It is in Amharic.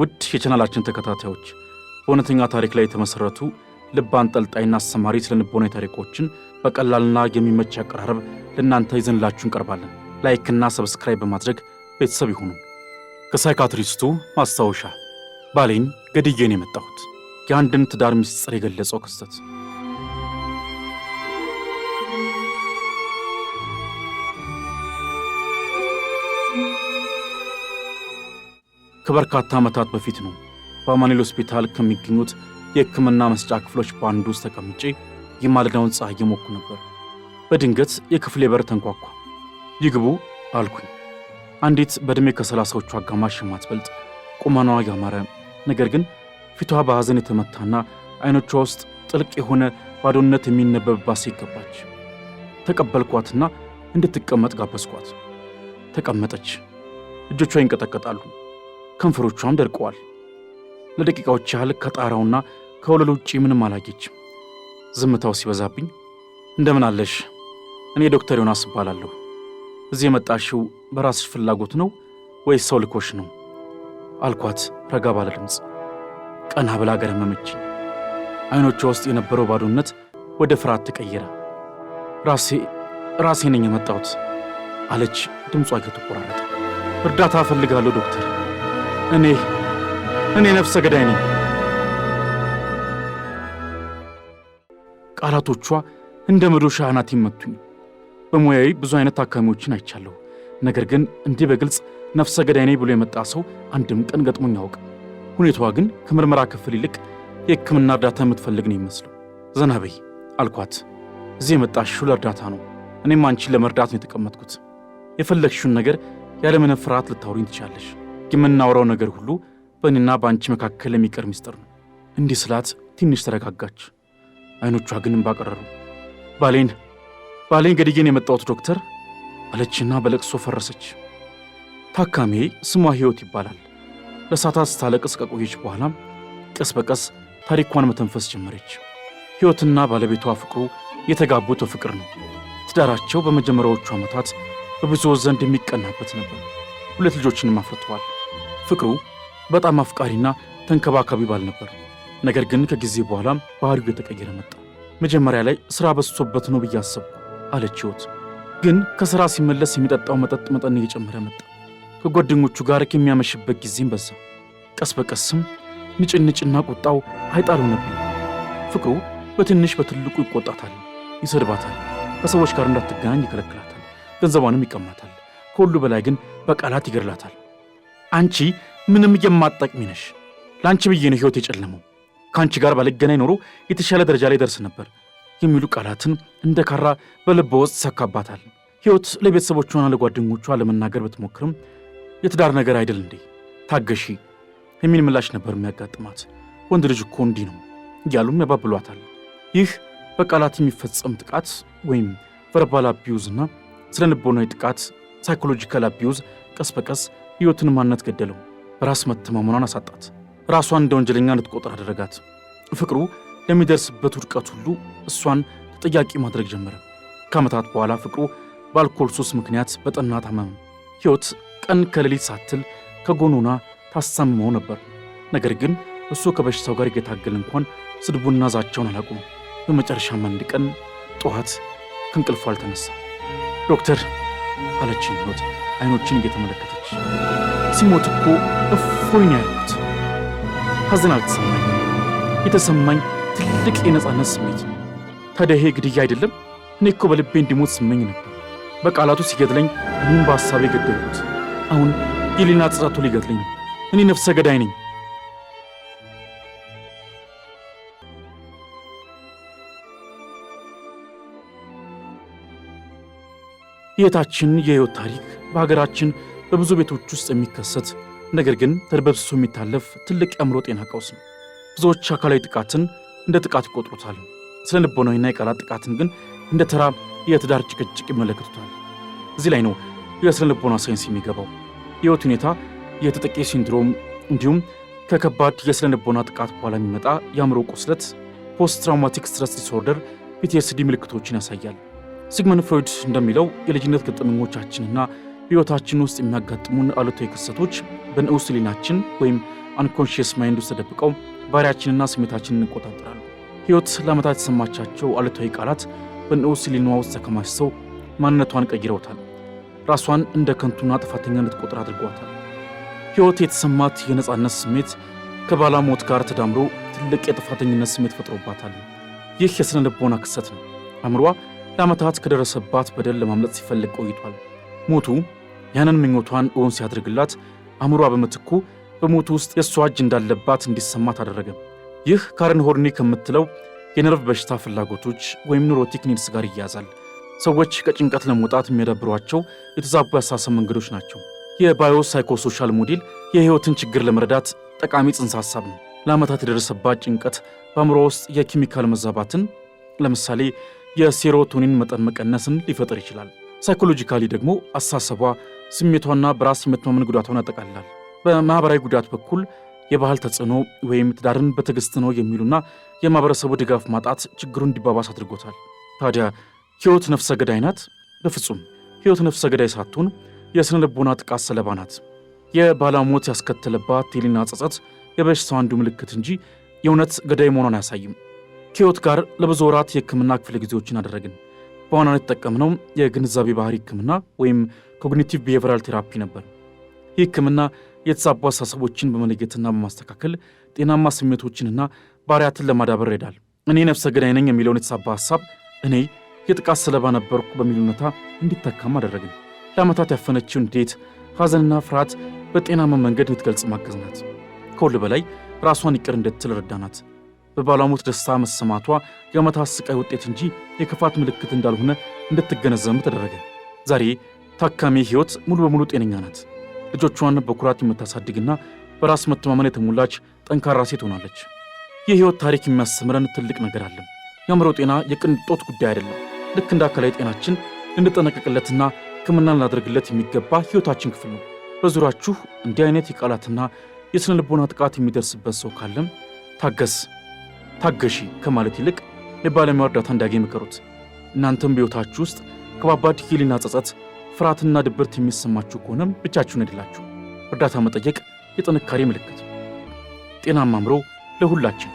ውድ የቻናላችን ተከታታዮች በእውነተኛ ታሪክ ላይ የተመሠረቱ ልብ አንጠልጣይና አስተማሪ ስነ ልቦናዊ ታሪኮችን በቀላልና የሚመች አቀራረብ ለእናንተ ይዘንላችሁ እንቀርባለን። ላይክና ሰብስክራይብ በማድረግ ቤተሰብ ይሁኑ። ከሳይካትሪስቱ ማስታወሻ፣ ባሌን ገድዬን የመጣሁት የአንድን ትዳር ምስጢር የገለጸው ክስተት ከበርካታ ዓመታት በፊት ነው በአማኑኤል ሆስፒታል ከሚገኙት የሕክምና መስጫ ክፍሎች በአንዱ ውስጥ ተቀምጬ የማለዳውን ፀሐይ እየሞኩ ነበር። በድንገት የክፍሌ በር ተንኳኳ። ይግቡ አልኩኝ። አንዲት በዕድሜ ከሰላሳዎቹ አጋማሽ የማትበልጥ ቁመናዋ ያማረ ነገር ግን ፊቷ በሐዘን የተመታና ዐይኖቿ ውስጥ ጥልቅ የሆነ ባዶነት የሚነበብባት ሴት ገባች። ተቀበልኳትና እንድትቀመጥ ጋበዝኳት። ተቀመጠች። እጆቿ ይንቀጠቀጣሉ። ከንፈሮቿም ደርቀዋል። ለደቂቃዎች ያህል ከጣራውና ከወለሉ ውጪ ምንም አላየችም። ዝምታው ሲበዛብኝ እንደምን አለሽ? እኔ ዶክተር ዮናስ እባላለሁ። እዚህ የመጣሽው በራስሽ ፍላጎት ነው ወይስ ሰው ልኮሽ ነው? አልኳት ረጋ ባለ ድምፅ። ቀና ብላ ገረመመችኝ። አይኖቿ ውስጥ የነበረው ባዶነት ወደ ፍርሃት ተቀየረ። ራሴ ራሴ ነኝ የመጣሁት አለች፣ ድምጿ እየተቆራረጠ። እርዳታ እፈልጋለሁ ዶክተር እኔ እኔ ነፍሰ ገዳይ ነኝ። ቃላቶቿ እንደ መዶሻ አናት ይመቱኝ። በሙያዊ ብዙ አይነት ታካሚዎችን አይቻለሁ። ነገር ግን እንዲህ በግልጽ ነፍሰ ገዳይ ነኝ ብሎ የመጣ ሰው አንድም ቀን ገጥሞኝ ያውቅ። ሁኔታዋ ግን ከምርመራ ክፍል ይልቅ የሕክምና እርዳታ የምትፈልግ ነው ይመስለው። ዘና በይ አልኳት። እዚህ የመጣሽው ለእርዳታ ነው። እኔም አንቺን ለመርዳት ነው የተቀመጥኩት። የፈለግሽውን ነገር ያለምንም ፍርሃት ልታውሪኝ ትችላለሽ። የምናወራው ነገር ሁሉ በእኔና በአንቺ መካከል የሚቀር ሚስጥር ነው እንዲህ ስላት ትንሽ ተረጋጋች። አይኖቿ ግን ባቀረሩ። ባሌን ባሌን ገድዬን የመጣሁት ዶክተር አለችና በለቅሶ ፈረሰች። ታካሜ ስሟ ሕይወት ይባላል። ለሳታት ስታለቅስ ከቆየች በኋላም ቀስ በቀስ ታሪኳን መተንፈስ ጀመረች። ሕይወትና ባለቤቷ ፍቅሩ የተጋቡት በፍቅር ነው። ትዳራቸው በመጀመሪያዎቹ ዓመታት በብዙዎች ዘንድ የሚቀናበት ነበር። ሁለት ልጆችንም አፍርተዋል። ፍቅሩ በጣም አፍቃሪና ተንከባካቢ ባል ነበር። ነገር ግን ከጊዜ በኋላ ባህሪው የተቀየረ መጣ። መጀመሪያ ላይ ሥራ በዝቶበት ነው ብዬ አሰብኩ አለች ሕይወት። ግን ከሥራ ሲመለስ የሚጠጣው መጠጥ መጠን እየጨመረ መጣ። ከጓደኞቹ ጋር የሚያመሽበት ጊዜም በዛ። ቀስ በቀስም ንጭንጭና ቁጣው አይጣለው ነበር። ፍቅሩ በትንሽ በትልቁ ይቆጣታል፣ ይሰድባታል፣ ከሰዎች ጋር እንዳትገናኝ ይከለክላታል፣ ገንዘቧንም ይቀማታል። ከሁሉ በላይ ግን በቃላት ይገድላታል። አንቺ ምንም የማጠቅሚ ነሽ። ለአንቺ ብዬ ነው ሕይወት የጨለመው። ከአንቺ ጋር ባልገናኝ ኖሮ የተሻለ ደረጃ ላይ ደርስ ነበር የሚሉ ቃላትን እንደ ካራ በልቧ ውስጥ ይሰካባታል። ሕይወት ለቤተሰቦቿና ለጓደኞቿ ለመናገር ብትሞክርም የትዳር ነገር አይደል እንዴ ታገሺ የሚል ምላሽ ነበር የሚያጋጥማት። ወንድ ልጅ እኮ እንዲህ ነው እያሉም ያባብሏታል። ይህ በቃላት የሚፈጸም ጥቃት ወይም ቨርባል አቢዩዝ እና ስነ ልቦናዊ ጥቃት ሳይኮሎጂካል አቢዩዝ ቀስ በቀስ ሕይወትን ማነት ገደለው። ራስ መተማመኗን አሳጣት። ራሷን እንደ ወንጀለኛ እንድትቆጥር አደረጋት። ፍቅሩ ለሚደርስበት ውድቀት ሁሉ እሷን ተጠያቂ ማድረግ ጀመረ። ከዓመታት በኋላ ፍቅሩ በአልኮል ሱስ ምክንያት በጠና ታመመ። ሕይወት ቀን ከሌሊት ሳትል ከጎኑና ታሳምመው ነበር። ነገር ግን እሱ ከበሽታው ጋር እየታገል እንኳን ስድቡና ዛቻውን አላቁም። በመጨረሻም አንድ ቀን ጠዋት ከእንቅልፏ አልተነሳ ዶክተር አለችኝ ሕይወት አይኖችን እየተመለከተች ሲሞት እኮ እፎይ ያሉት ያልኩት። ሐዘን አልተሰማኝ። የተሰማኝ ትልቅ የነፃነት ስሜት ነው። ታዲያ ይሄ ግድያ አይደለም? እኔ እኮ በልቤ እንዲሞት ስመኝ ነበር። በቃላቱ ሲገድለኝ እኔም በሐሳቤ ገደልኩት። አሁን የሌና ጽራቱ ሊገድለኝ ነው። እኔ ነፍሰ ገዳይ ነኝ። የታችን የህይወት ታሪክ በሀገራችን በብዙ ቤቶች ውስጥ የሚከሰት ነገር ግን ተድበስብሶ የሚታለፍ ትልቅ የአእምሮ ጤና ቀውስ ነው። ብዙዎች አካላዊ ጥቃትን እንደ ጥቃት ይቆጥሩታል። ስለ ልቦናዊና የቃላት ጥቃትን ግን እንደ ተራ የትዳር ጭቅጭቅ ይመለከቱታል። እዚህ ላይ ነው የስነ ልቦና ሳይንስ የሚገባው። የህይወት ሁኔታ፣ የተጠቂ ሲንድሮም እንዲሁም ከከባድ የስነ ልቦና ጥቃት በኋላ የሚመጣ የአእምሮ ቁስለት ፖስት ትራውማቲክ ስትረስ ዲስኦርደር ፒቲኤስዲ ምልክቶችን ያሳያል። ሲግመን ፍሮይድ እንደሚለው የልጅነት ገጠመኞቻችንና ሕይወታችን ውስጥ የሚያጋጥሙን አሉታዊ ክስተቶች በንዑስ ሊናችን ወይም አንኮንሽስ ማይንድ ውስጥ ተደብቀው ባህሪያችንና ስሜታችንን እንቆጣጠራሉ። ህይወት ለዓመታት የተሰማቻቸው አሉታዊ ቃላት በንዑስ ሊኗ ውስጥ ተከማችተው ማንነቷን ቀይረውታል። ራሷን እንደ ከንቱና ጥፋተኛ እንድትቆጥር አድርጓታል። ሕይወት የተሰማት የነፃነት ስሜት ከባላሞት ጋር ተዳምሮ ትልቅ የጥፋተኝነት ስሜት ፈጥሮባታል። ይህ የሥነ ልቦና ክስተት ነው። አእምሯ ለዓመታት ከደረሰባት በደል ለማምለጥ ሲፈልግ ቆይቷል። ሞቱ ያንን ምኞቷን እውን ሲያደርግላት አእምሯ በምትኩ በሞቱ ውስጥ የእሷ እጅ እንዳለባት እንዲሰማት አደረገ። ይህ ካርን ሆርኒ ከምትለው የነርቭ በሽታ ፍላጎቶች ወይም ኒውሮቲክ ኒድስ ጋር ይያዛል። ሰዎች ከጭንቀት ለመውጣት የሚያዳብሯቸው የተዛቡ ያሳሰብ መንገዶች ናቸው። የባዮ ሳይኮሶሻል ሞዴል የህይወትን ችግር ለመረዳት ጠቃሚ ጽንሰ ሐሳብ ነው። ለዓመታት የደረሰባት ጭንቀት በአእምሮ ውስጥ የኬሚካል መዛባትን ለምሳሌ የሴሮቶኒን መጠን መቀነስን ሊፈጥር ይችላል። ሳይኮሎጂካሊ ደግሞ አሳሰቧ ስሜቷና በራስ የመተማመን ጉዳቷን ያጠቃልላል። በማኅበራዊ ጉዳት በኩል የባህል ተጽዕኖ ወይም ትዳርን በትዕግሥት ነው የሚሉና የማኅበረሰቡ ድጋፍ ማጣት ችግሩን እንዲባባስ አድርጎታል። ታዲያ ሕይወት ነፍሰ ገዳይ ናት? በፍጹም ሕይወት ነፍሰ ገዳይ ሳትሆን የሥነ ልቦና ጥቃት ሰለባ ናት። የባላሞት ያስከተለባት የሕሊና ጸጸት የበሽታው አንዱ ምልክት እንጂ የእውነት ገዳይ መሆኗን አያሳይም። ከሕይወት ጋር ለብዙ ወራት የሕክምና ክፍለ ጊዜዎችን አደረግን። በዋናነት የተጠቀምነው የግንዛቤ ባህሪ ህክምና ወይም ኮግኒቲቭ ቢሄቨራል ቴራፒ ነበር። ይህ ህክምና የተዛቡ አስተሳሰቦችን በመለየትና በማስተካከል ጤናማ ስሜቶችንና ባህሪያትን ለማዳበር ይሄዳል። እኔ ነፍሰ ገዳይ ነኝ የሚለውን የተዛባ ሀሳብ እኔ የጥቃት ሰለባ ነበርኩ በሚል ሁኔታ እንዲተካም አደረግን። ለዓመታት ያፈነችው እንዴት ሐዘንና ፍርሃት በጤናማ መንገድ እንድትገልጽ ማገዝናት ከሁሉ በላይ ራሷን ይቅር እንድትል ረዳናት። በባለሞት ደስታ መሰማቷ የዓመታት ስቃይ ውጤት እንጂ የክፋት ምልክት እንዳልሆነ እንድትገነዘብም ተደረገ። ዛሬ ታካሚ ሕይወት ሙሉ በሙሉ ጤነኛ ናት። ልጆቿን በኩራት የምታሳድግና በራስ መተማመን የተሞላች ጠንካራ ሴት ሆናለች። የሕይወት ታሪክ የሚያስተምረን ትልቅ ነገር አለም። የአእምሮ ጤና የቅንጦት ጉዳይ አይደለም። ልክ እንደ አካላዊ ጤናችን ልንጠነቀቅለትና ሕክምና ልናደርግለት የሚገባ ሕይወታችን ክፍል ነው። በዙሪያችሁ እንዲህ አይነት የቃላትና የስነ ልቦና ጥቃት የሚደርስበት ሰው ካለም ታገስ ታገሺ ከማለት ይልቅ የባለሙያ እርዳታ እንዳገኝ ምከሩት። እናንተም በሕይወታችሁ ውስጥ ከባባድ ኪልና ጸጸት፣ ፍርሃትና ድብርት የሚሰማችሁ ከሆነም ብቻችሁን አይደላችሁ። እርዳታ መጠየቅ የጥንካሬ ምልክት። ጤናማ አእምሮ ለሁላችን